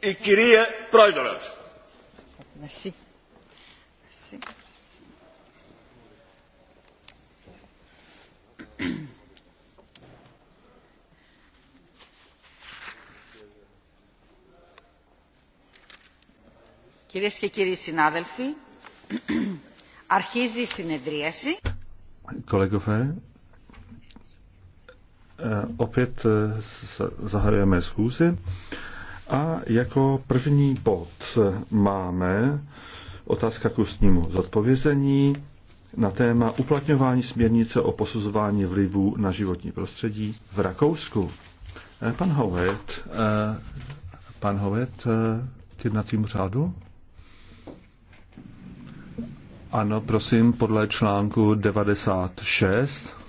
Η κυρία Πρόεδρος. Merci. Merci. Κυρίες και κύριοι συνάδελφοι, αρχίζει η συνεδρίαση. Kolegové, Eh, opět eh, zahajujeme schůzi a jako první bod máme otázka k ústnímu zodpovězení na téma uplatňování směrnice o posuzování vlivů na životní prostředí v Rakousku. Eh, pan Hovet, pan Hovet k jednacímu řádu? Ano, prosím, podle článku 96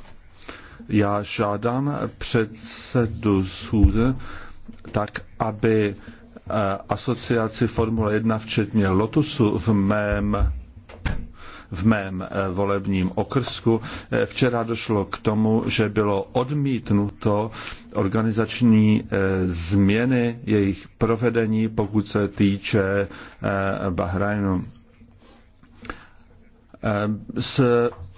já žádám předsedu schůze tak, aby eh, asociaci Formule 1, včetně Lotusu v mém v mém eh, volebním okrsku. Eh, včera došlo k tomu, že bylo odmítnuto organizační změny jejich provedení, pokud se týče Bahrajnu. Eh, z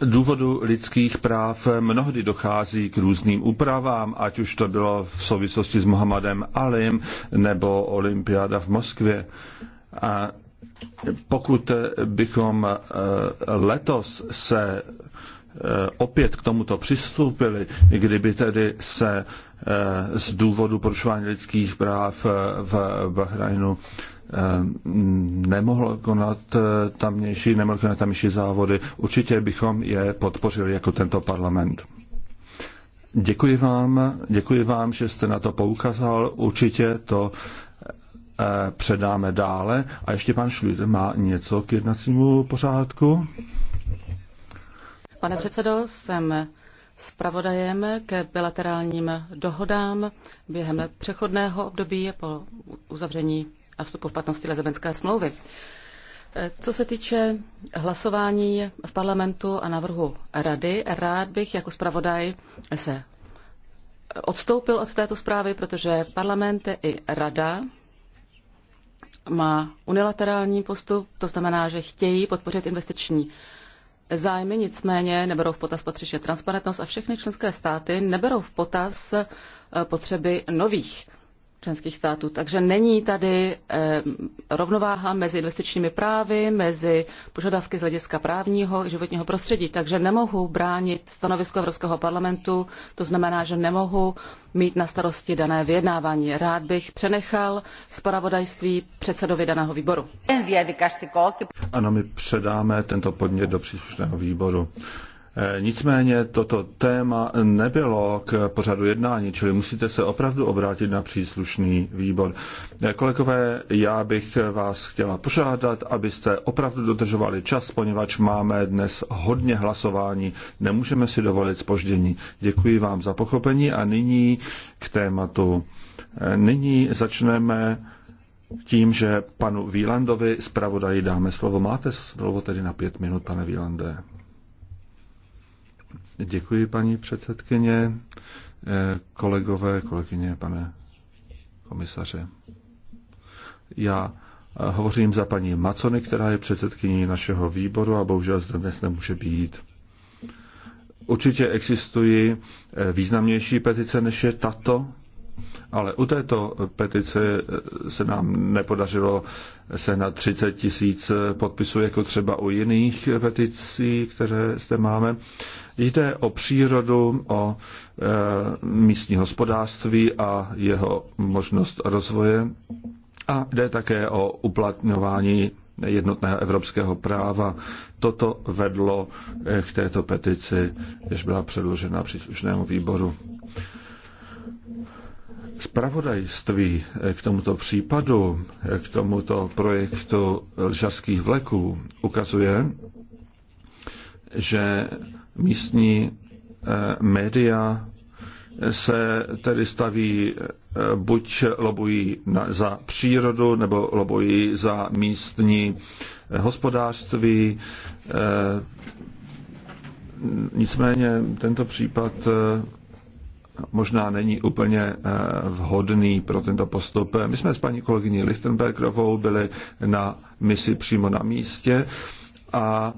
důvodu lidských práv mnohdy dochází k různým úpravám, ať už to bylo v souvislosti s Mohamedem Alim nebo Olympiáda v Moskvě. A pokud bychom eh, letos se eh, opět k tomuto přistoupili, kdyby tedy se z důvodu porušování lidských práv v Bahrajnu Eh, nemohl konat eh, tamnější, nemohl konat tamnější závody. Určitě bychom je podpořili jako tento parlament. Děkuji vám, děkuji vám, že jste na to poukázal. Určitě to eh, předáme dále. A ještě pan Šlid má něco k jednacímu pořádku? Pane předsedo, jsem zpravodajem ke bilaterálním dohodám během přechodného období po uzavření a vstupu v platnosti Lezebenské smlouvy. Eh, co se týče hlasování v parlamentu a návrhu rady, rád bych jako zpravodaj se odstoupil od této zprávy, protože parlament i rada má unilaterální postup, to znamená, že chtějí podpořit investiční zájmy, nicméně neberou v potaz patřičně transparentnost a všechny členské státy neberou v potaz eh, potřeby nových členských států. Takže není tady eh, rovnováha mezi investičními právy, mezi požadavky z hlediska právního životního prostředí. Takže nemohu bránit stanovisko Evropského parlamentu, to znamená, že nemohu mít na starosti dané vyjednávání. Rád bych přenechal zpravodajství předsedovi daného výboru. Ano, my předáme tento podnět do příslušného výboru. Eh, nicméně toto téma nebylo k pořadu jednání, čili musíte se opravdu obrátit na příslušný výbor. Eh, kolegové, já bych vás chtěla požádat, abyste opravdu dodržovali čas, poněvadž máme dnes hodně hlasování, nemůžeme si dovolit spoždění. Děkuji vám za pochopení a nyní k tématu. Eh, nyní začneme tím, že panu Výlandovi zpravodaji dáme slovo. Máte slovo tedy na pět minut, pane Výlande. Děkuji, paní předsedkyně, eh, kolegové, kolegyně, pane komisaře. Já eh, hovořím za paní Macony, která je předsedkyní našeho výboru a bohužel zde dnes nemůže být. Určitě existují eh, významnější petice, než je tato, ale u této petice se nám nepodařilo se na 30 tisíc podpisů, jako třeba u jiných peticí, které zde máme. Jde o přírodu, o e, místní hospodářství a jeho možnost rozvoje. A jde také o uplatňování jednotného evropského práva. Toto vedlo eh, k této petici, jež byla předložena příslušnému výboru. Spravodajství eh, k tomuto případu, eh, k tomuto projektu lžarských vleků ukazuje, že místní eh, média se tedy staví buď lobují za přírodu, nebo lobují za místní hospodářství. Nicméně tento případ možná není úplně eh, vhodný pro tento postup. My jsme s paní kolegyní Lichtenbergerovou byli na misi přímo na místě a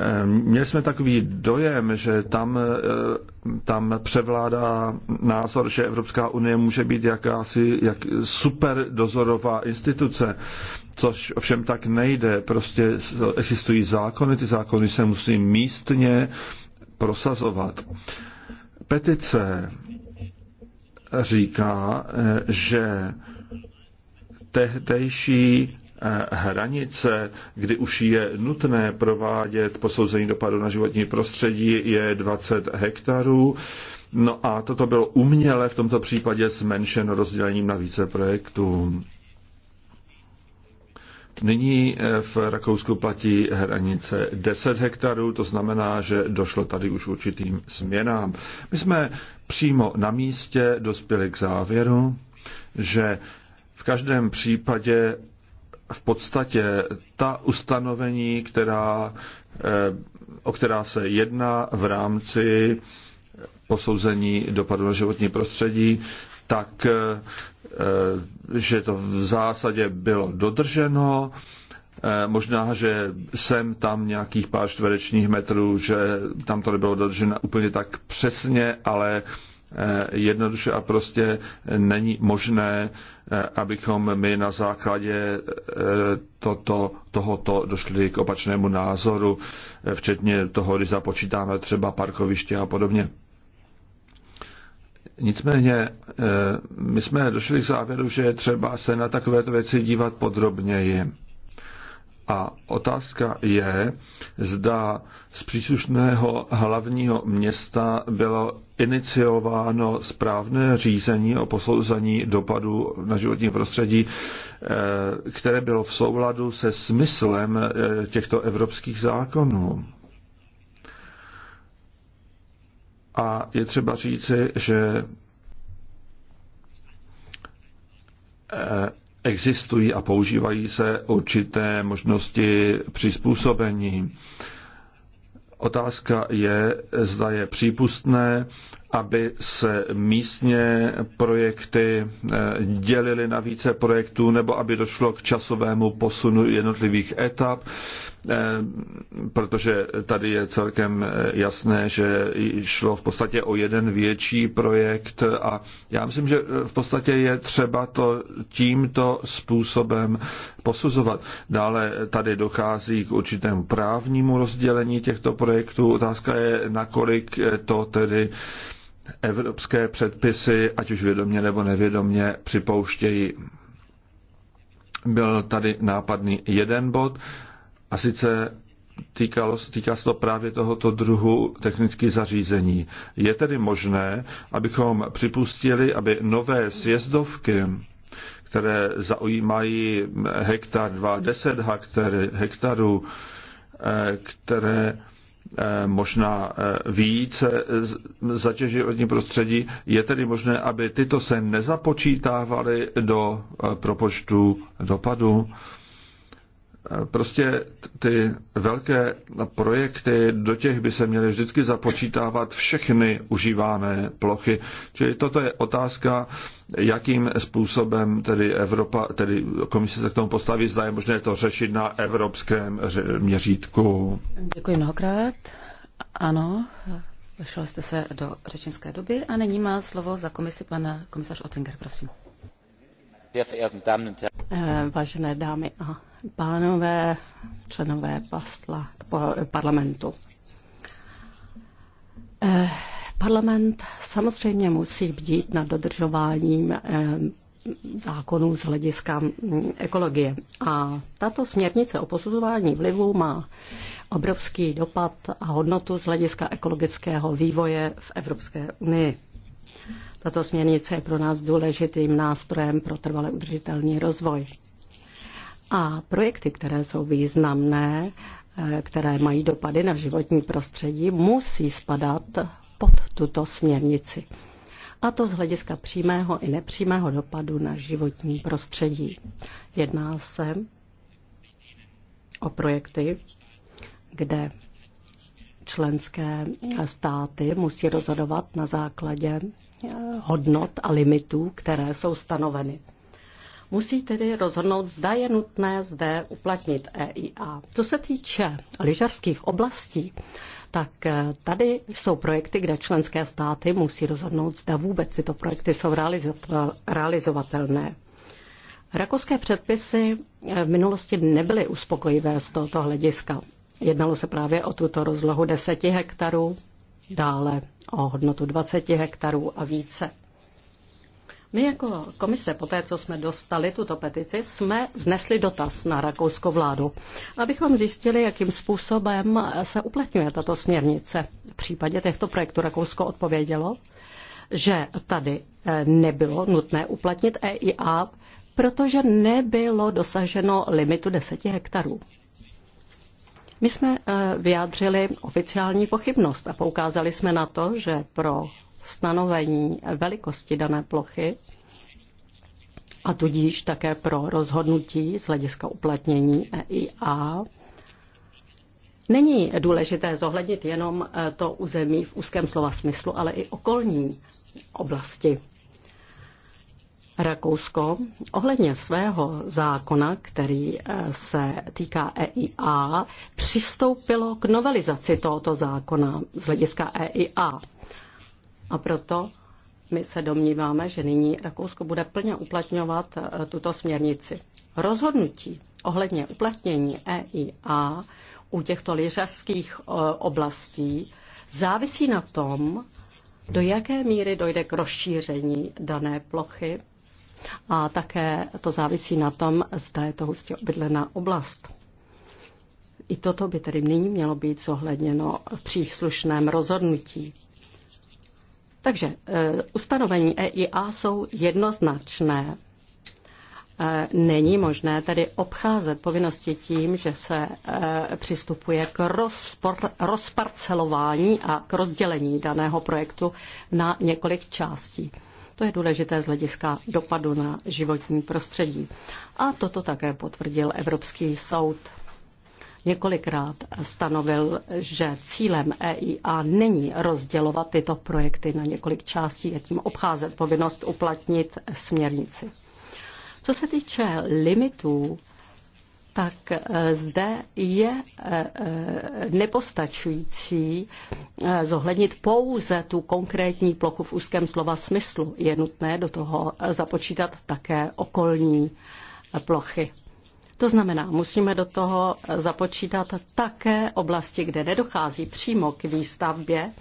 eh, Měli jsme takový dojem, že tam, eh, tam převládá názor, že Evropská unie může být jakási jak super dozorová instituce, což ovšem tak nejde. Prostě existují zákony, ty zákony se musí místně prosazovat. Petice, říká, eh, že tehdejší eh, hranice, kdy už je nutné provádět posouzení dopadu na životní prostředí, je 20 hektarů. No a toto bylo uměle v tomto případě zmenšeno rozdělením na více projektů. Nyní eh, v Rakousku platí hranice 10 hektarů, to znamená, že došlo tady už určitým změnám. My jsme přímo na místě dospěli k závěru, že v každém případě v podstatě ta ustanovení, která, eh, o která se jedná v rámci posouzení dopadu na životní prostředí, tak eh, eh, že to v zásadě bylo dodrženo. Eh, možná, že jsem tam nějakých pár čtverečních metrů, že tam to nebylo dodrženo úplně tak přesně, ale jednoduše a prostě není možné, abychom my na základě toto, tohoto došli k opačnému názoru, včetně toho, když započítáme třeba parkoviště a podobně. Nicméně eh, my jsme došli k závěru, že je třeba se na takovéto věci dívat podrobněji. A otázka je, zda z příslušného hlavního města bylo iniciováno správné řízení o posouzení dopadu na životní prostředí, eh, které bylo v souladu se smyslem eh, těchto evropských zákonů. A je třeba říci, že eh, existují a používají se určité možnosti přizpůsobení. Otázka je, zda je přípustné aby se místně projekty eh, dělily na více projektů nebo aby došlo k časovému posunu jednotlivých etap, eh, protože tady je celkem eh, jasné, že šlo v podstatě o jeden větší projekt a já myslím, že v podstatě je třeba to tímto způsobem posuzovat. Dále tady dochází k určitému právnímu rozdělení těchto projektů. Otázka je, nakolik to tedy evropské předpisy, ať už vědomě nebo nevědomě, připouštějí. Byl tady nápadný jeden bod, a sice týkalo, týká se to právě tohoto druhu technických zařízení. Je tedy možné, abychom připustili, aby nové sjezdovky, které zaujímají hektar 2, 10 hektarů, hektarů eh, které Eh, možná eh, více eh, zatěží životní prostředí. Je tedy možné, aby tyto se nezapočítávaly do propočtu dopadu? Prostě ty velké projekty, do těch by se měly vždycky započítávat všechny užívané plochy. Čili toto je otázka, jakým způsobem tedy Evropa, tedy komise se k tomu postaví, zda je možné to řešit na evropském měřítku. Děkuji mnohokrát. Ano, Vešel jste se do řečnické doby a nyní má slovo za komisi pan komisař Ottinger, prosím. Eh, vážené dámy a pánové, členové pasla, parlamentu. Eh, parlament samozřejmě musí bdít nad dodržováním eh, zákonů z hlediska mm, ekologie. A tato směrnice o posuzování vlivu má obrovský dopad a hodnotu z hlediska ekologického vývoje v Evropské unii. Tato směrnice je pro nás důležitým nástrojem pro trvale udržitelný rozvoj. A projekty, které jsou významné, eh, které mají dopady na životní prostředí, musí spadat pod tuto směrnici. A to z hlediska přímého i nepřímého dopadu na životní prostředí. Jedná se o projekty, kde členské státy musí rozhodovat na základě eh, hodnot a limitů, které jsou stanoveny musí tedy rozhodnout, zda je nutné zde uplatnit EIA. Co se týče lyžařských oblastí, tak eh, tady jsou projekty, kde členské státy musí rozhodnout, zda vůbec tyto projekty jsou realizovatelné. Rakouské předpisy eh, v minulosti nebyly uspokojivé z tohoto hlediska. Jednalo se právě o tuto rozlohu 10 hektarů, dále o hodnotu 20 hektarů a více. My jako komise, po té, co jsme dostali tuto petici, jsme vznesli dotaz na rakouskou vládu, abychom zjistili, jakým způsobem se uplatňuje tato směrnice. V případě těchto projektů Rakousko odpovědělo, že tady eh, nebylo nutné uplatnit EIA, protože nebylo dosaženo limitu 10 hektarů. My jsme eh, vyjádřili oficiální pochybnost a poukázali jsme na to, že pro stanovení velikosti dané plochy a tudíž také pro rozhodnutí z hlediska uplatnění EIA Není důležité zohlednit jenom eh, to území v úzkém slova smyslu, ale i okolní oblasti. Rakousko ohledně svého zákona, který eh, se týká EIA, přistoupilo k novelizaci tohoto zákona z hlediska EIA. A proto my se domníváme, že nyní Rakousko bude plně uplatňovat eh, tuto směrnici. Rozhodnutí ohledně uplatnění EIA u těchto lyřařských eh, oblastí závisí na tom, do jaké míry dojde k rozšíření dané plochy a také to závisí na tom, zda je to hustě obydlená oblast. I toto by tedy nyní mělo být zohledněno v příslušném rozhodnutí. Takže eh, ustanovení EIA jsou jednoznačné. Eh, není možné tedy obcházet povinnosti tím, že se eh, přistupuje k rozpor, rozparcelování a k rozdělení daného projektu na několik částí. To je důležité z hlediska dopadu na životní prostředí. A toto také potvrdil Evropský soud několikrát stanovil, že cílem EIA není rozdělovat tyto projekty na několik částí a tím obcházet povinnost uplatnit směrnici. Co se týče limitů, tak e, zde je e, e, nepostačující zohlednit pouze tu konkrétní plochu v úzkém slova smyslu. Je nutné do toho započítat také okolní plochy. To znamená, musíme do toho eh, započítat také oblasti, kde nedochází přímo k výstavbě,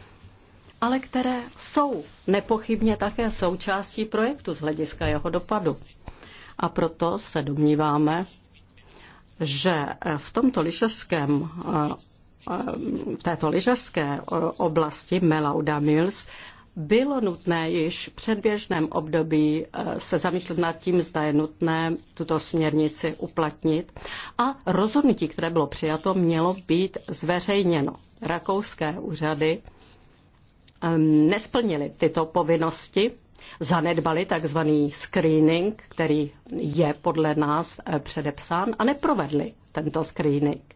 ale které jsou nepochybně také součástí projektu z hlediska jeho dopadu. A proto se domníváme, že eh, v tomto lyžařském eh, v této lyžařské oblasti Melauda Mills bylo nutné již v předběžném období eh, se zamýšlet nad tím, zda je nutné tuto směrnici uplatnit a rozhodnutí, které bylo přijato, mělo být zveřejněno. Rakouské úřady ehm, nesplnili tyto povinnosti, zanedbali takzvaný screening, který je podle nás eh, předepsán, a neprovedli tento screening.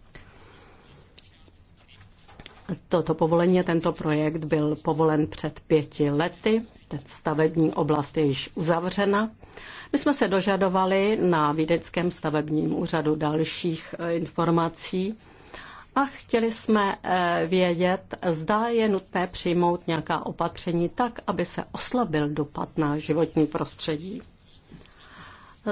Toto povolení, tento projekt byl povolen před pěti lety, ten stavební oblast je již uzavřena. My jsme se dožadovali na Vídeckém stavebním úřadu dalších eh, informací a chtěli jsme eh, vědět, zda je nutné přijmout nějaká opatření tak, aby se oslabil dopad na životní prostředí.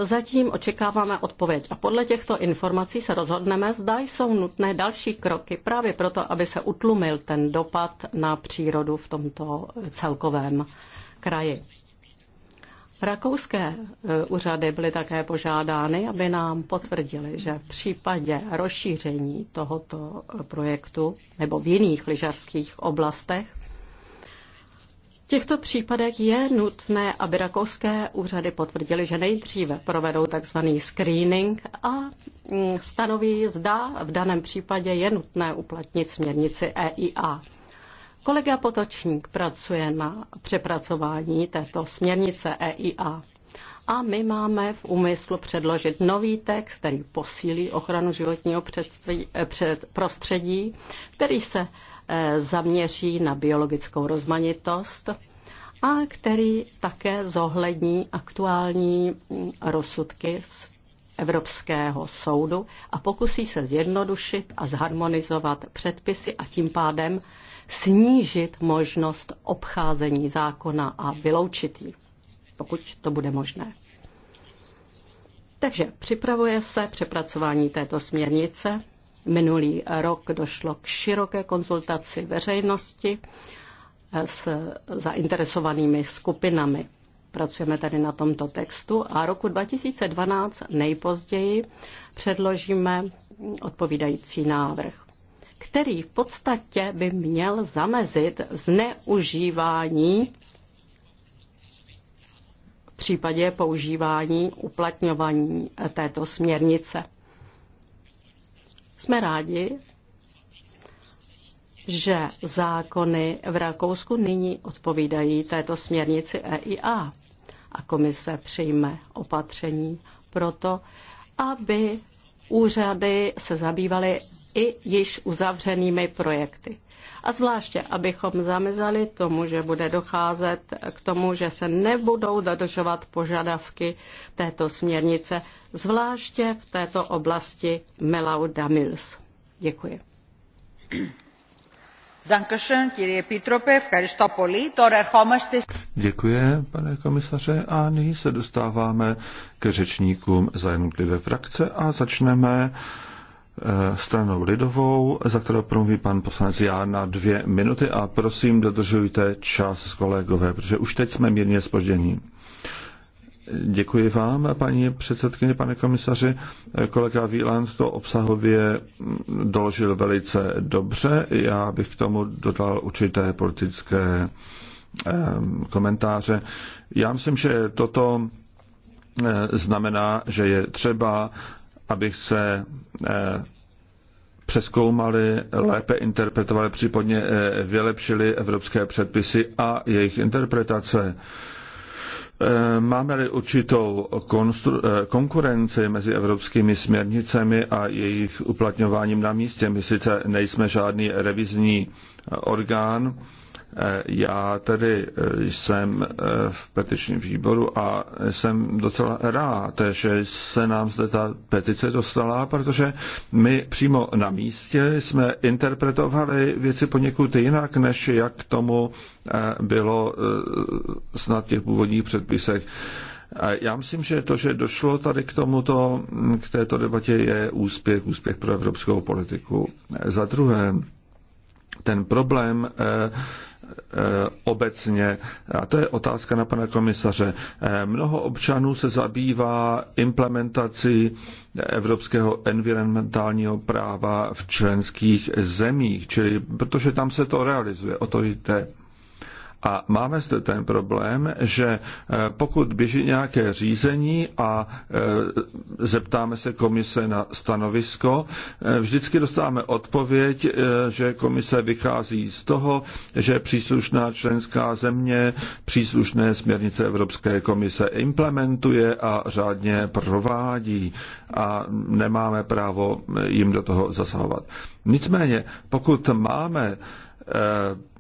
Zatím očekáváme odpověď a podle těchto informací se rozhodneme, zda jsou nutné další kroky právě proto, aby se utlumil ten dopad na přírodu v tomto celkovém kraji. Rakouské eh, úřady byly také požádány, aby nám potvrdili, že v případě rozšíření tohoto projektu nebo v jiných lyžařských oblastech v těchto případech je nutné, aby rakouské úřady potvrdili, že nejdříve provedou tzv. screening a mm, stanoví, zda v daném případě je nutné uplatnit směrnici EIA. Kolega Potočník pracuje na přepracování této směrnice EIA. A my máme v úmyslu předložit nový text, který posílí ochranu životního eh, prostředí, který se Eh, zaměří na biologickou rozmanitost a který také zohlední aktuální rozsudky z Evropského soudu a pokusí se zjednodušit a zharmonizovat předpisy a tím pádem snížit možnost obcházení zákona a vyloučit ji, pokud to bude možné. Takže připravuje se přepracování této směrnice Minulý rok došlo k široké konzultaci veřejnosti eh, s zainteresovanými skupinami. Pracujeme tady na tomto textu a roku 2012 nejpozději předložíme odpovídající návrh který v podstatě by měl zamezit zneužívání v případě používání uplatňování této směrnice. Jsme rádi, že zákony v Rakousku nyní odpovídají této směrnici EIA a komise přijme opatření pro to, aby úřady se zabývaly i již uzavřenými projekty a zvláště, abychom zamezali tomu, že bude docházet k tomu, že se nebudou dodržovat požadavky této směrnice, zvláště v této oblasti Melaudamils. Děkuji. Děkuji, pane komisaře, a nyní se dostáváme ke řečníkům za jednotlivé frakce a začneme Eh, stranou lidovou, za kterou promluví pan poslanec Já na dvě minuty a prosím dodržujte čas, kolegové, protože už teď jsme mírně spoždění. Děkuji vám, paní předsedkyně, pane komisaři. Kolega Wieland to obsahově doložil velice dobře. Já bych k tomu dodal určité politické eh, komentáře. Já myslím, že toto eh, znamená, že je třeba aby se eh, přeskoumali, lépe interpretovali, případně eh, vylepšili evropské předpisy a jejich interpretace. Eh, máme-li určitou konkurenci mezi evropskými směrnicemi a jejich uplatňováním na místě, my sice nejsme žádný revizní orgán, Eh, já tedy eh, jsem eh, v petičním výboru a jsem docela rád, že se nám zde ta petice dostala, protože my přímo na místě jsme interpretovali věci poněkud jinak, než jak tomu bylo snad v těch původních předpisech. Já myslím, že to, že došlo tady k tomuto, hm, k této debatě, je úspěch, úspěch pro evropskou politiku. Za druhé, ten problém Eh, obecně. A to je otázka na pana komisaře. Eh, mnoho občanů se zabývá implementací evropského environmentálního práva v členských zemích, čili protože tam se to realizuje, o to jde. A máme zde ten problém, že eh, pokud běží nějaké řízení a eh, zeptáme se komise na stanovisko, eh, vždycky dostáváme odpověď, že komise vychází z toho, že příslušná členská země příslušné směrnice Evropské komise implementuje a řádně provádí a nemáme právo jim do toho zasahovat. Nicméně, pokud máme Eh,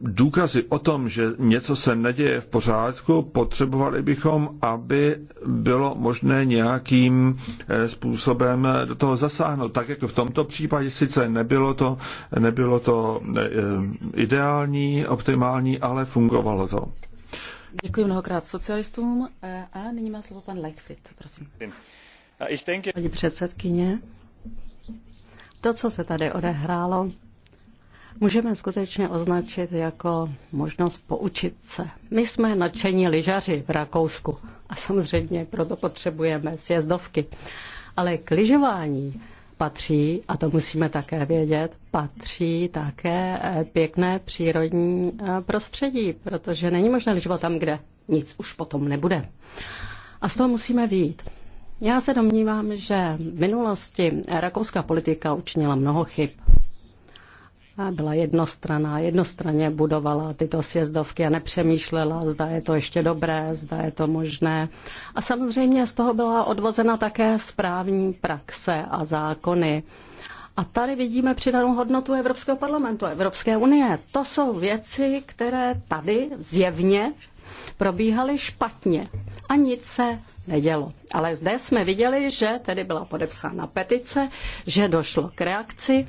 důkazy o tom, že něco se neděje v pořádku, potřebovali bychom, aby bylo možné nějakým eh, způsobem eh, do toho zasáhnout. Tak jako v tomto případě sice nebylo to, nebylo to ideální, optimální, ale fungovalo to. Děkuji mnohokrát socialistům a nyní má slovo pan Leichtfried, prosím. Paní předsedkyně, to, co se tady odehrálo, můžeme skutečně označit jako možnost poučit se. My jsme nadšení lyžaři v Rakousku a samozřejmě proto potřebujeme sjezdovky. Ale k lyžování patří, a to musíme také vědět, patří také eh, pěkné přírodní eh, prostředí, protože není možné lyžovat tam, kde nic už potom nebude. A z toho musíme výjít. Já se domnívám, že v minulosti eh, rakouská politika učinila mnoho chyb byla jednostraná, jednostranně budovala tyto sjezdovky a nepřemýšlela, zda je to ještě dobré, zda je to možné. A samozřejmě z toho byla odvozena také správní praxe a zákony. A tady vidíme přidanou hodnotu Evropského parlamentu, Evropské unie. To jsou věci, které tady zjevně probíhaly špatně a nic se nedělo. Ale zde jsme viděli, že tedy byla podepsána petice, že došlo k reakci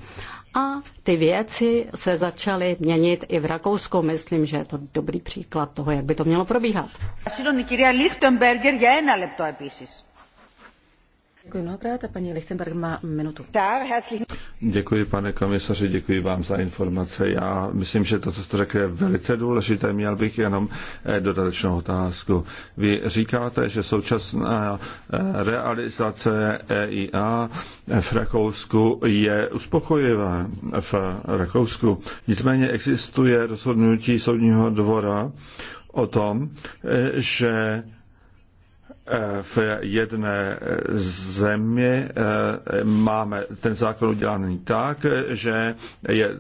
a ty věci se začaly měnit i v Rakousku. Myslím, že je to dobrý příklad toho, jak by to mělo probíhat. Děkuji mnohokrát a paní Lichtenberg má minutu. Děkuji, pane komisaři, děkuji vám za informace. Já myslím, že to, co jste řekl, je velice důležité. Měl bych jenom eh, dodatečnou otázku. Vy říkáte, že současná eh, realizace EIA v Rakousku je uspokojivá v Rakousku. Nicméně existuje rozhodnutí soudního dvora o tom, eh, že v jedné zemi eh, máme ten zákon udělaný tak, že je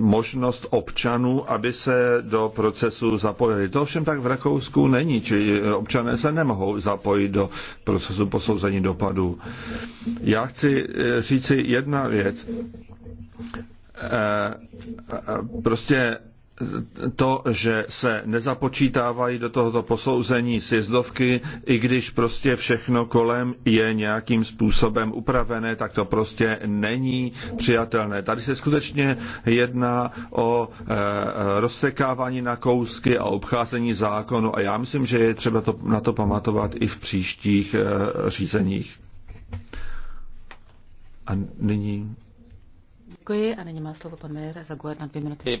možnost občanů, aby se do procesu zapojili. To ovšem tak v Rakousku není, čili občané se nemohou zapojit do procesu posouzení dopadů. Já chci eh, říci jedna věc. Eh, prostě to, že se nezapočítávají do tohoto posouzení sjezdovky, i když prostě všechno kolem je nějakým způsobem upravené, tak to prostě není přijatelné. Tady se skutečně jedná o e, rozsekávání na kousky a obcházení zákonu a já myslím, že je třeba to, na to pamatovat i v příštích e, řízeních. A nyní Děkuji a nyní má slovo pan za na dvě minuty. Eh,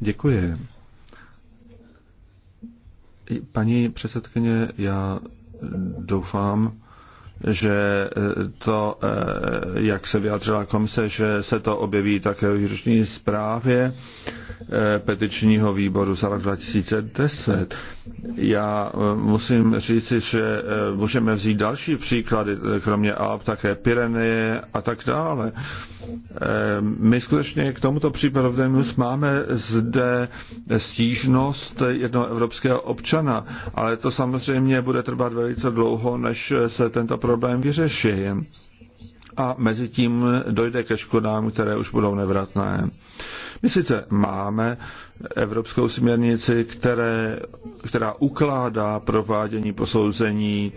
Děkuji. Paní předsedkyně, já doufám, že eh, to, eh, jak se vyjádřila komise, že se to objeví také v výroční zprávě eh, petičního výboru za rok 2010. Já musím říci, že můžeme vzít další příklady, kromě Alp, také Pyreneje a tak dále. My skutečně k tomuto případu máme zde stížnost jednoho evropského občana, ale to samozřejmě bude trvat velice dlouho, než se tento problém vyřeší a mezi tím dojde ke škodám, které už budou nevratné. My sice máme evropskou směrnici, které, která ukládá provádění posouzení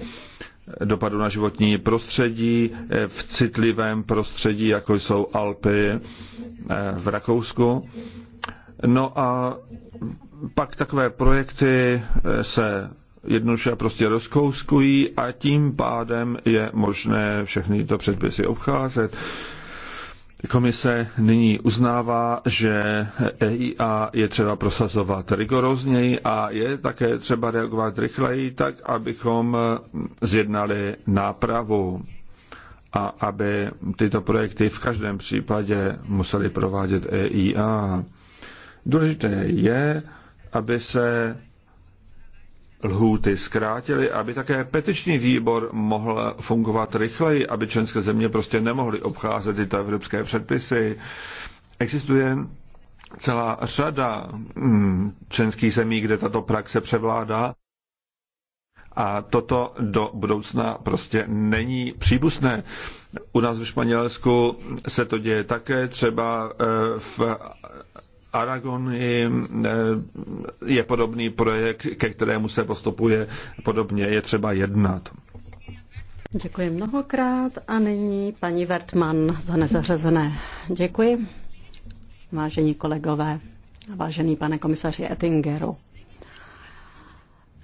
dopadu na životní prostředí v citlivém prostředí, jako jsou Alpy eh, v Rakousku. No a pak takové projekty eh, se jednoduše prostě rozkouskují a tím pádem je možné všechny tyto předpisy obcházet. Komise nyní uznává, že EIA je třeba prosazovat rigorozněji a je také třeba reagovat rychleji, tak abychom zjednali nápravu a aby tyto projekty v každém případě museli provádět EIA. Důležité je, aby se lhůty zkrátily, aby také petiční výbor mohl fungovat rychleji, aby členské země prostě nemohly obcházet tyto evropské předpisy. Existuje celá řada mm, členských zemí, kde tato praxe převládá. A toto do budoucna prostě není příbuzné. U nás ve Španělsku se to děje také, třeba eh, v Aragon eh, je podobný projekt, ke kterému se postupuje podobně. Je třeba jednat. Děkuji mnohokrát a nyní paní Vertman za nezařazené. Děkuji. Vážení kolegové, vážený pane komisaři Ettingeru,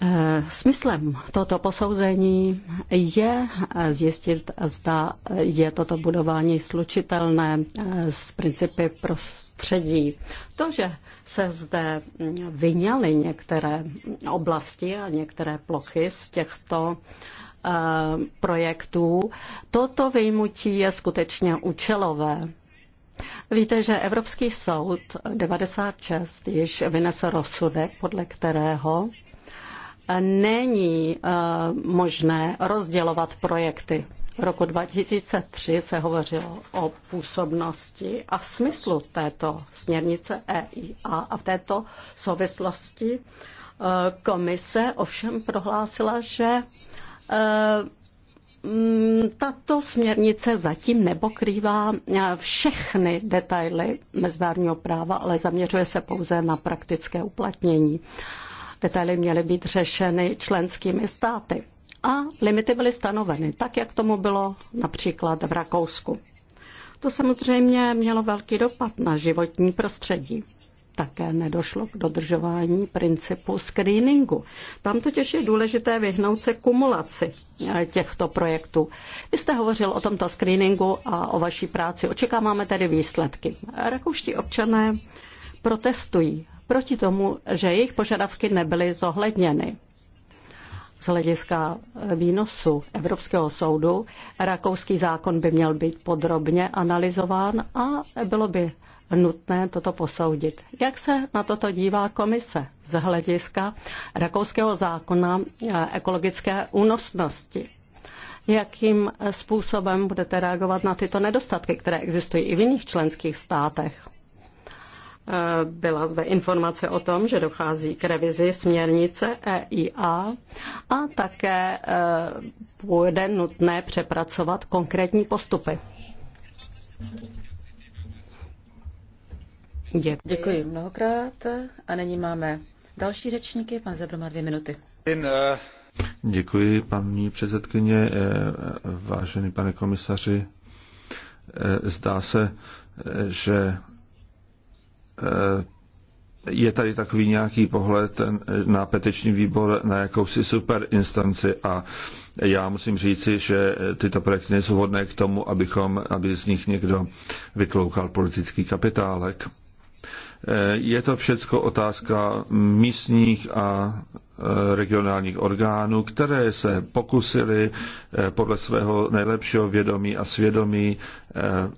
Eh, smyslem tohoto posouzení je eh, zjistit, zda je toto budování slučitelné eh, s principy prostředí. To, že se zde mm, vyňaly některé oblasti a některé plochy z těchto projektů, toto vyjmutí je skutečně účelové. Víte, že Evropský soud 96 již vynesl rozsudek, podle kterého není eh, možné rozdělovat projekty. V roku 2003 se hovořilo o působnosti a smyslu této směrnice EIA a v této souvislosti eh, komise ovšem prohlásila, že eh, mm, tato směrnice zatím nepokrývá všechny detaily mezinárodního práva, ale zaměřuje se pouze na praktické uplatnění. Detaily měly být řešeny členskými státy. A limity byly stanoveny, tak jak tomu bylo například v Rakousku. To samozřejmě mělo velký dopad na životní prostředí. Také nedošlo k dodržování principu screeningu. Tam totiž je důležité vyhnout se kumulaci eh, těchto projektů. Vy jste hovořil o tomto screeningu a o vaší práci. Očekáváme tedy výsledky. Rakouští občané protestují proti tomu, že jejich požadavky nebyly zohledněny. Z hlediska výnosu Evropského soudu rakouský zákon by měl být podrobně analyzován a bylo by nutné toto posoudit. Jak se na toto dívá komise z hlediska rakouského zákona ekologické únosnosti? Jakým způsobem budete reagovat na tyto nedostatky, které existují i v jiných členských státech? Eh, byla zde informace o tom, že dochází k revizi směrnice EIA a také eh, bude nutné přepracovat konkrétní postupy. Děkuji. Děkuji mnohokrát a nyní máme další řečníky. Pan Zebro má dvě minuty. Eh, Děkuji, paní předsedkyně, vážený pane komisaři. Zdá se, že Eh, je tady takový nějaký pohled eh, na petiční výbor na jakousi super instanci a já musím říci, že eh, tyto projekty nejsou vhodné k tomu, abychom, aby z nich někdo vykloukal politický kapitálek. Eh, je to všecko otázka místních a eh, regionálních orgánů, které se pokusily eh, podle svého nejlepšího vědomí a svědomí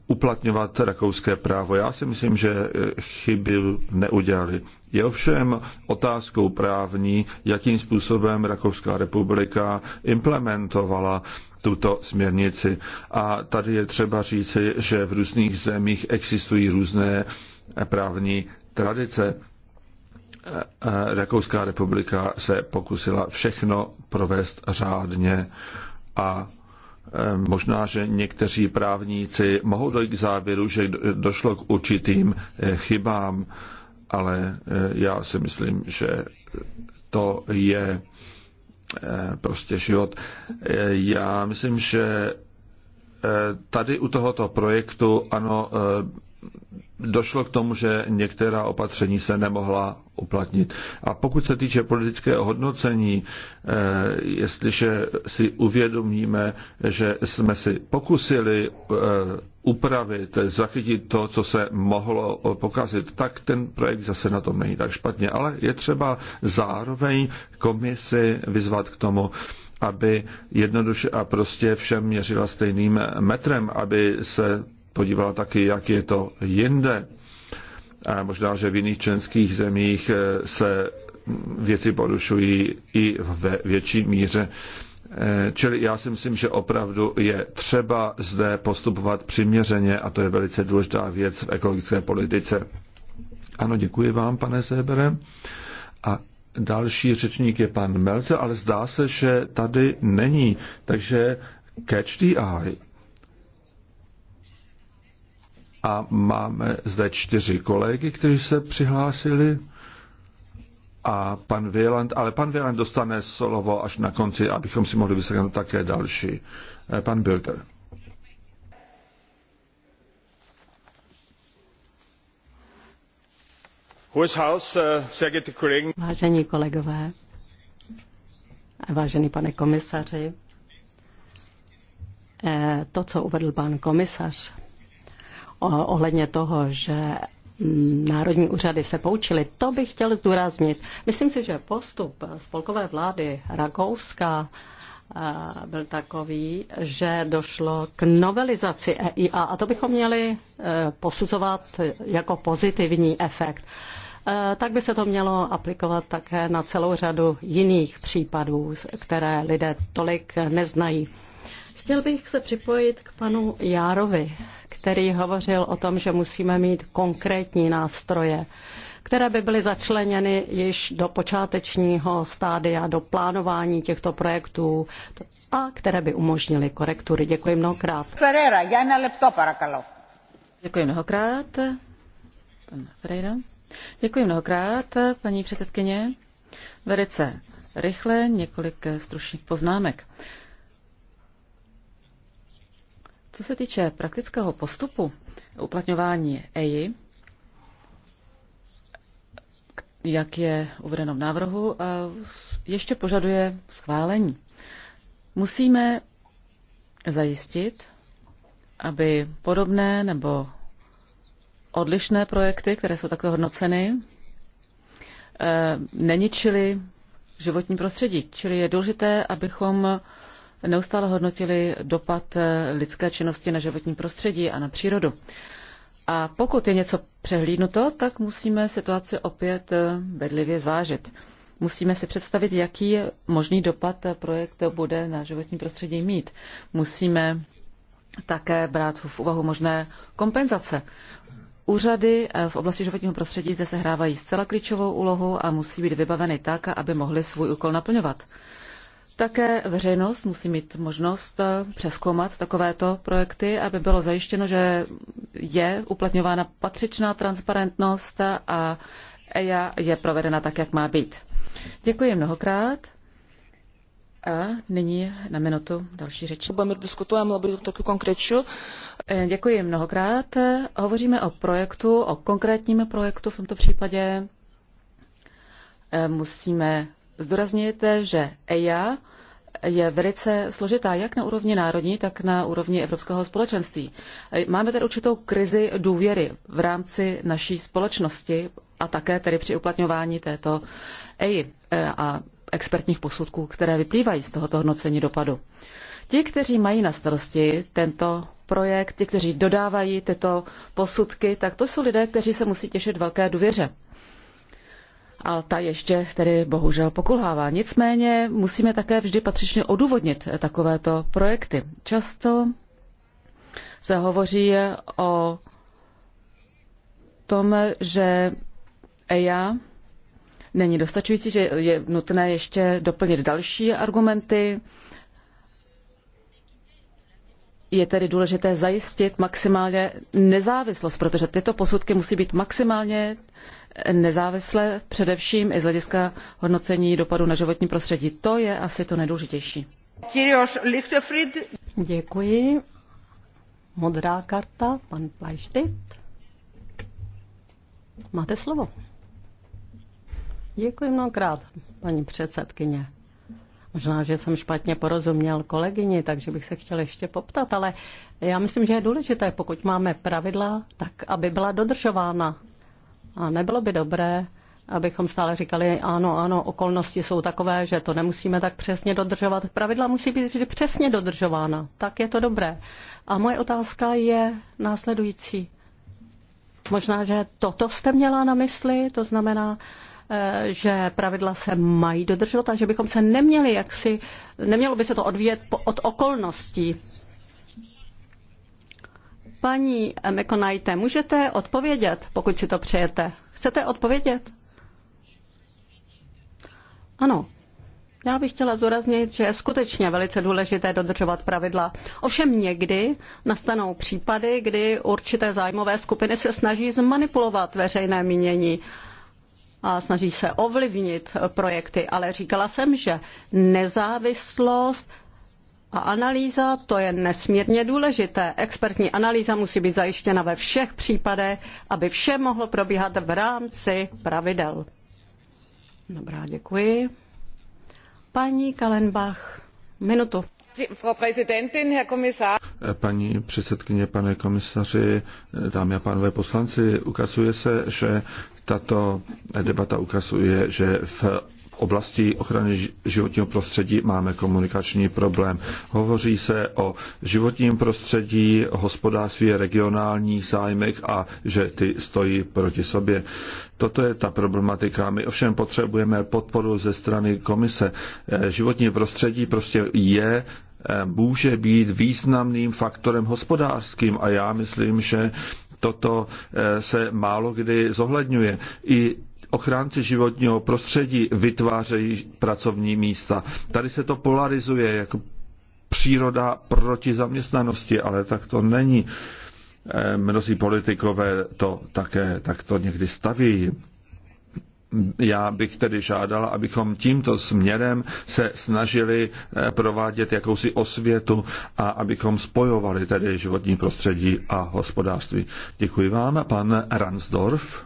uplatňovat rakouské právo. Já si myslím, že chyby neudělali. Je ovšem otázkou právní, jakým způsobem Rakouská republika implementovala tuto směrnici. A tady je třeba říci, že v různých zemích existují různé právní tradice. E, e, Rakouská republika se pokusila všechno provést řádně a e, Možná, že někteří právníci mohou dojít k závěru, že došlo k určitým chybám, ale já si myslím, že to je prostě život. Já myslím, že tady u tohoto projektu ano, došlo k tomu, že některá opatření se nemohla uplatnit. A pokud se týče politického hodnocení, eh, jestliže si uvědomíme, že jsme si pokusili eh, upravit, zachytit to, co se mohlo eh, pokazit, tak ten projekt zase na tom není tak špatně. Ale je třeba zároveň komisi vyzvat k tomu, aby jednoduše a prostě všem měřila stejným metrem, aby se podíval taky, jak je to jinde. A možná, že v jiných členských zemích eh, se věci porušují i ve větší míře. Eh, čili já si myslím, že opravdu je třeba zde postupovat přiměřeně a to je velice důležitá věc v ekologické politice. Ano, děkuji vám, pane Sebere. A další řečník je pan Melce, ale zdá se, že tady není. Takže catch the eye a máme zde čtyři kolegy, kteří se přihlásili a pan Wieland, ale pan Wieland dostane slovo až na konci, abychom si mohli vysvětlit také další. Eh, pan Bilder. Eh, Vážení kolegové, vážený pane komisaři, eh, to, co uvedl pan komisař, ohledně toho, že národní úřady se poučily. To bych chtěl zdůraznit. Myslím si, že postup spolkové vlády Rakouska eh, byl takový, že došlo k novelizaci EIA a to bychom měli eh, posuzovat jako pozitivní efekt. Eh, tak by se to mělo aplikovat také na celou řadu jiných případů, které lidé tolik neznají. Chtěl bych se připojit k panu Járovi, který hovořil o tom, že musíme mít konkrétní nástroje, které by byly začleněny již do počátečního stádia, do plánování těchto projektů a které by umožnily korektury. Děkuji mnohokrát. Ferreira, na Lepto, parakalo. Děkuji mnohokrát. Pan Ferreira. Děkuji mnohokrát, paní předsedkyně. Velice rychle několik stručných poznámek. Co se týče praktického postupu uplatňování EI, jak je uvedeno v návrhu, eh, ještě požaduje schválení. Musíme zajistit, aby podobné nebo odlišné projekty, které jsou takto hodnoceny, eh, neničily životní prostředí. Čili je důležité, abychom neustále hodnotili dopad eh, lidské činnosti na životní prostředí a na přírodu. A pokud je něco přehlídnuto, tak musíme situaci opět eh, bedlivě zvážit. Musíme si představit, jaký možný dopad eh, projekt bude na životní prostředí mít. Musíme také brát v úvahu možné kompenzace. Úřady v oblasti životního prostředí zde sehrávají zcela klíčovou úlohu a musí být vybaveny tak, aby mohly svůj úkol naplňovat. Také veřejnost musí mít možnost eh, přeskoumat takovéto projekty, aby bylo zajištěno, že je uplatňována patřičná transparentnost a EIA je provedena tak, jak má být. Děkuji mnohokrát. A nyní na minutu další řeč. Eh, děkuji mnohokrát. Hovoříme o projektu, o konkrétním projektu v tomto případě. Eh, musíme Zdůrazňujete, že EIA je velice složitá jak na úrovni národní, tak na úrovni Evropského společenství. Máme tedy určitou krizi důvěry v rámci naší společnosti a také tedy při uplatňování této EI a expertních posudků, které vyplývají z tohoto hodnocení dopadu. Ti, kteří mají na starosti tento projekt, ti, kteří dodávají tyto posudky, tak to jsou lidé, kteří se musí těšit velké důvěře a ta ještě tedy bohužel pokulhává. Nicméně musíme také vždy patřičně odůvodnit takovéto projekty. Často se hovoří o tom, že EIA není dostačující, že je nutné ještě doplnit další argumenty. Je tedy důležité zajistit maximálně nezávislost, protože tyto posudky musí být maximálně nezávisle, především i z hlediska hodnocení dopadu na životní prostředí. To je asi to nejdůležitější. Děkuji. Modrá karta, pan Plajštit. Máte slovo. Děkuji mnohokrát, paní předsedkyně. Možná, že jsem špatně porozuměl kolegyni, takže bych se chtěl ještě poptat, ale já myslím, že je důležité, pokud máme pravidla, tak aby byla dodržována. A nebylo by dobré, abychom stále říkali, ano, ano, okolnosti jsou takové, že to nemusíme tak přesně dodržovat. Pravidla musí být vždy přesně dodržována. Tak je to dobré. A moje otázka je následující. Možná, že toto jste měla na mysli, to znamená, eh, že pravidla se mají dodržovat a že bychom se neměli jaksi, nemělo by se to odvíjet od okolností. Paní Mekonajte, můžete odpovědět, pokud si to přejete. Chcete odpovědět? Ano. Já bych chtěla zúraznit, že je skutečně velice důležité dodržovat pravidla. Ovšem někdy nastanou případy, kdy určité zájmové skupiny se snaží zmanipulovat veřejné mínění a snaží se ovlivnit projekty, ale říkala jsem, že nezávislost a analýza to je nesmírně důležité. Expertní analýza musí být zajištěna ve všech případech, aby vše mohlo probíhat v rámci pravidel. Dobrá, děkuji. Paní Kalenbach, minutu. Paní předsedkyně, pane komisaři, dámy a pánové poslanci, ukazuje se, že tato debata ukazuje, že v oblasti ochrany životního prostředí máme komunikační problém. Hovoří se o životním prostředí, hospodářství, regionálních zájmech a že ty stojí proti sobě. Toto je ta problematika. My ovšem potřebujeme podporu ze strany komise. Eh, životní prostředí prostě je eh, může být významným faktorem hospodářským a já myslím, že toto eh, se málo kdy zohledňuje. I ochránci životního prostředí vytvářejí pracovní místa. Tady se to polarizuje jako příroda proti zaměstnanosti, ale tak to není. Eh, mnozí politikové to také tak to někdy staví. Já bych tedy žádala, abychom tímto směrem se snažili eh, provádět jakousi osvětu a abychom spojovali tedy životní prostředí a hospodářství. Děkuji vám, pan Ransdorf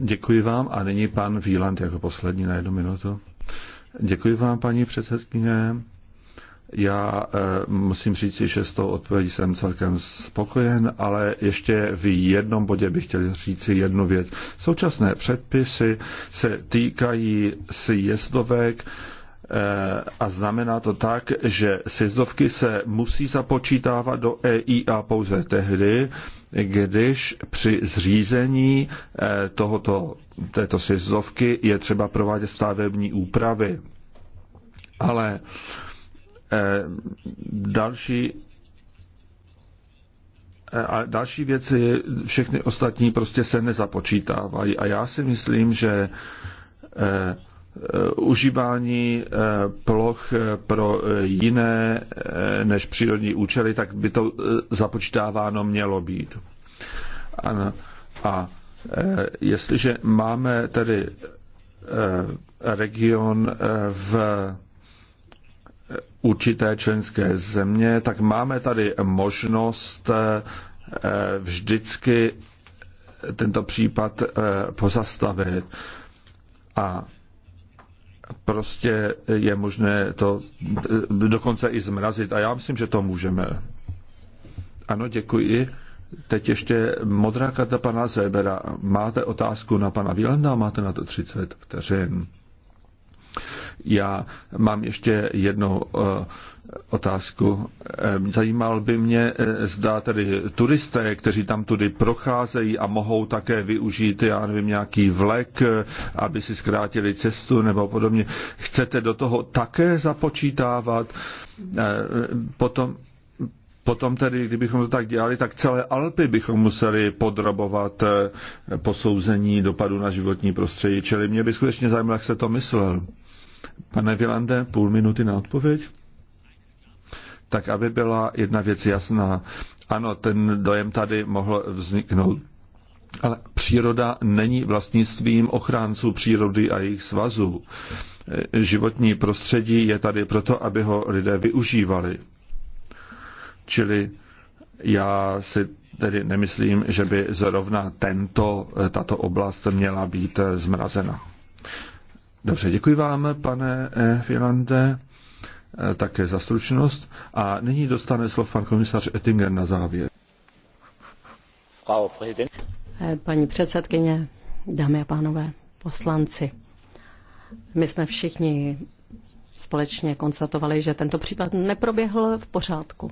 Děkuji vám a nyní pan Víland jako poslední na jednu minutu. Děkuji vám, paní předsedkyně. Já e, musím říct, že s tou odpovědí jsem celkem spokojen, ale ještě v jednom bodě bych chtěl říct jednu věc. Současné předpisy se týkají sjezdovek, Eh, a znamená to tak, že sjezdovky se musí započítávat do EIA pouze tehdy, když při zřízení eh, tohoto, této sjezdovky je třeba provádět stavební úpravy. Ale eh, další a další věci, všechny ostatní prostě se nezapočítávají. A já si myslím, že Eh, užívání eh, ploch eh, pro jiné než přírodní účely, tak by to započítáváno mělo být. A, a jestliže máme tedy region v určité členské země, tak máme tady možnost vždycky tento případ pozastavit. A prostě je možné to dokonce i zmrazit. A já myslím, že to můžeme. Ano, děkuji. Teď ještě modrá karta pana Zebera. Máte otázku na pana Vílenda? Máte na to 30 vteřin. Já mám ještě jednu eh, otázku. Eh, zajímal by mě, eh, zda tedy turisté, kteří tam tudy procházejí a mohou také využít, já nevím, nějaký vlek, aby si zkrátili cestu nebo podobně. Chcete do toho také započítávat? Potom Potom tedy, kdybychom to tak dělali, tak celé Alpy bychom museli podrobovat posouzení dopadu na životní prostředí. Čili mě by skutečně zajímalo, jak se to myslel. Pane Vilande, půl minuty na odpověď. Tak aby byla jedna věc jasná. Ano, ten dojem tady mohl vzniknout. Ale příroda není vlastnictvím ochránců přírody a jejich svazů. Životní prostředí je tady proto, aby ho lidé využívali. Čili já si tedy nemyslím, že by zrovna tento, tato oblast měla být zmrazena. Dobře, děkuji vám, pane eh, Filande, eh, také za stručnost. A nyní dostane slov pan komisař Ettinger na závěr. Eh, paní předsedkyně, dámy a pánové, poslanci, my jsme všichni společně konstatovali, že tento případ neproběhl v pořádku.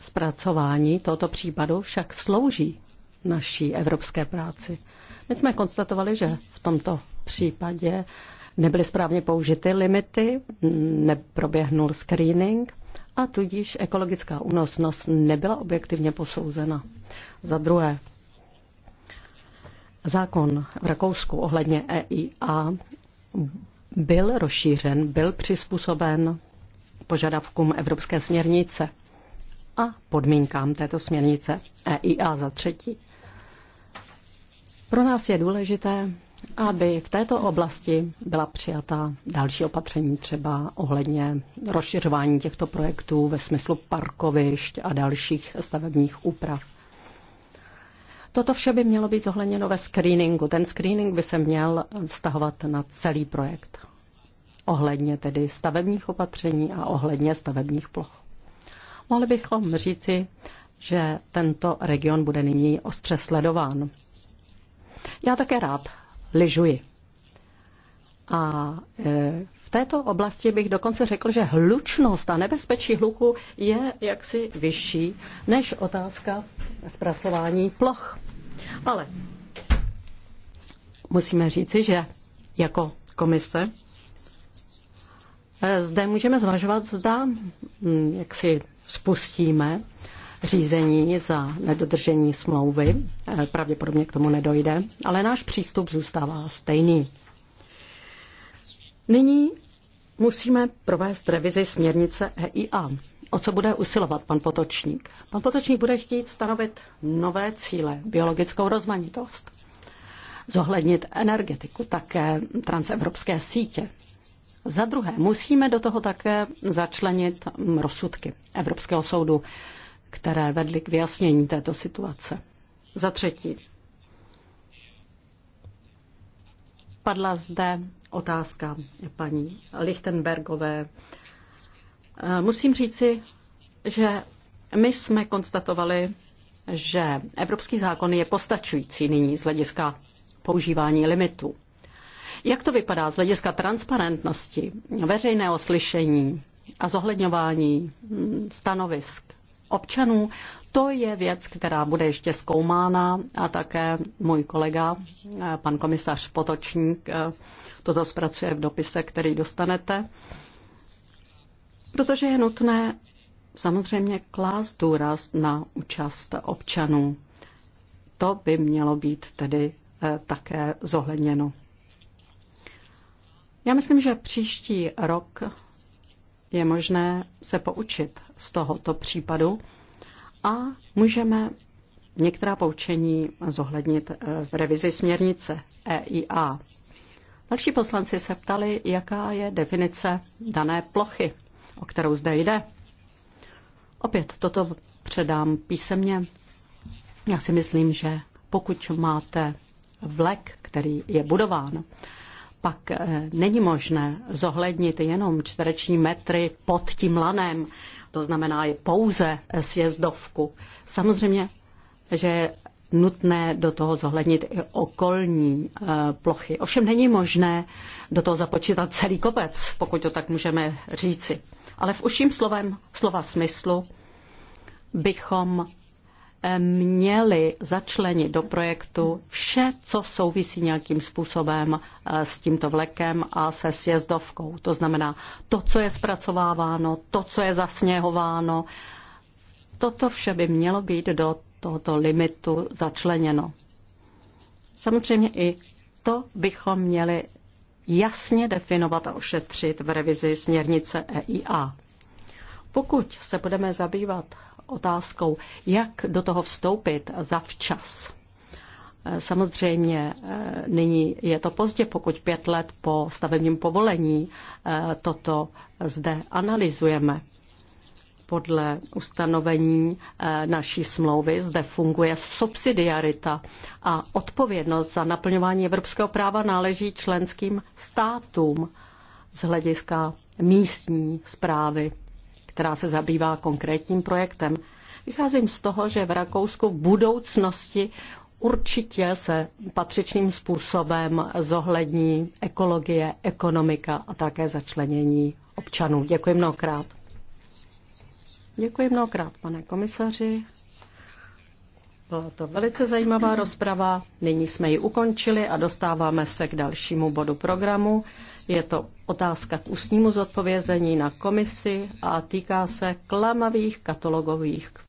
Zpracování tohoto případu však slouží naší evropské práci. My jsme konstatovali, že v tomto případě nebyly správně použity limity, neproběhnul screening a tudíž ekologická únosnost nebyla objektivně posouzena. Za druhé, zákon v Rakousku ohledně EIA byl rozšířen, byl přizpůsoben požadavkům Evropské směrnice a podmínkám této směrnice EIA za třetí. Pro nás je důležité aby v této oblasti byla přijata další opatření, třeba ohledně rozšiřování těchto projektů ve smyslu parkovišť a dalších stavebních úprav. Toto vše by mělo být ohledněno ve screeningu. Ten screening by se měl vztahovat na celý projekt. Ohledně tedy stavebních opatření a ohledně stavebních ploch. Mohli bychom říci, že tento region bude nyní ostře sledován. Já také rád lyžuji. A e, v této oblasti bych dokonce řekl, že hlučnost a nebezpečí hluku je jaksi vyšší než otázka zpracování ploch. Ale musíme říci, že jako komise e, zde můžeme zvažovat, zda hm, jaksi si spustíme řízení za nedodržení smlouvy. Eh, pravděpodobně k tomu nedojde, ale náš přístup zůstává stejný. Nyní musíme provést revizi směrnice EIA. O co bude usilovat pan Potočník? Pan Potočník bude chtít stanovit nové cíle, biologickou rozmanitost, zohlednit energetiku, také transevropské sítě. Za druhé, musíme do toho také začlenit mm, rozsudky Evropského soudu které vedly k vyjasnění této situace. Za třetí, padla zde otázka paní Lichtenbergové. Musím říci, že my jsme konstatovali, že evropský zákon je postačující nyní z hlediska používání limitů. Jak to vypadá z hlediska transparentnosti, veřejného slyšení a zohledňování stanovisk občanů. To je věc, která bude ještě zkoumána a také můj kolega, eh, pan komisař Potočník, eh, toto zpracuje v dopise, který dostanete, protože je nutné samozřejmě klást důraz na účast občanů. To by mělo být tedy eh, také zohledněno. Já myslím, že příští rok je možné se poučit z tohoto případu a můžeme některá poučení zohlednit eh, v revizi směrnice EIA. Další poslanci se ptali, jaká je definice dané plochy, o kterou zde jde. Opět toto předám písemně. Já si myslím, že pokud máte vlek, který je budován pak eh, není možné zohlednit jenom čtvereční metry pod tím lanem, to znamená je pouze sjezdovku. Samozřejmě, že je nutné do toho zohlednit i okolní eh, plochy. Ovšem není možné do toho započítat celý kopec, pokud to tak můžeme říci. Ale v užším slovem, slova smyslu bychom měli začlenit do projektu vše, co souvisí nějakým způsobem eh, s tímto vlekem a se sjezdovkou. To znamená to, co je zpracováváno, to, co je zasněhováno. Toto vše by mělo být do tohoto limitu začleněno. Samozřejmě i to bychom měli jasně definovat a ošetřit v revizi směrnice EIA. Pokud se budeme zabývat otázkou, jak do toho vstoupit zavčas. Samozřejmě eh, nyní je to pozdě, pokud pět let po stavebním povolení eh, toto zde analyzujeme. Podle ustanovení eh, naší smlouvy zde funguje subsidiarita a odpovědnost za naplňování evropského práva náleží členským státům z hlediska místní zprávy která se zabývá konkrétním projektem. Vycházím z toho, že v Rakousku v budoucnosti určitě se patřičným způsobem zohlední ekologie, ekonomika a také začlenění občanů. Děkuji mnohokrát. Děkuji mnohokrát, pane komisaři. Byla to velice zajímavá rozprava, nyní jsme ji ukončili a dostáváme se k dalšímu bodu programu. Je to otázka k ústnímu zodpovězení na komisi a týká se klamavých katalogových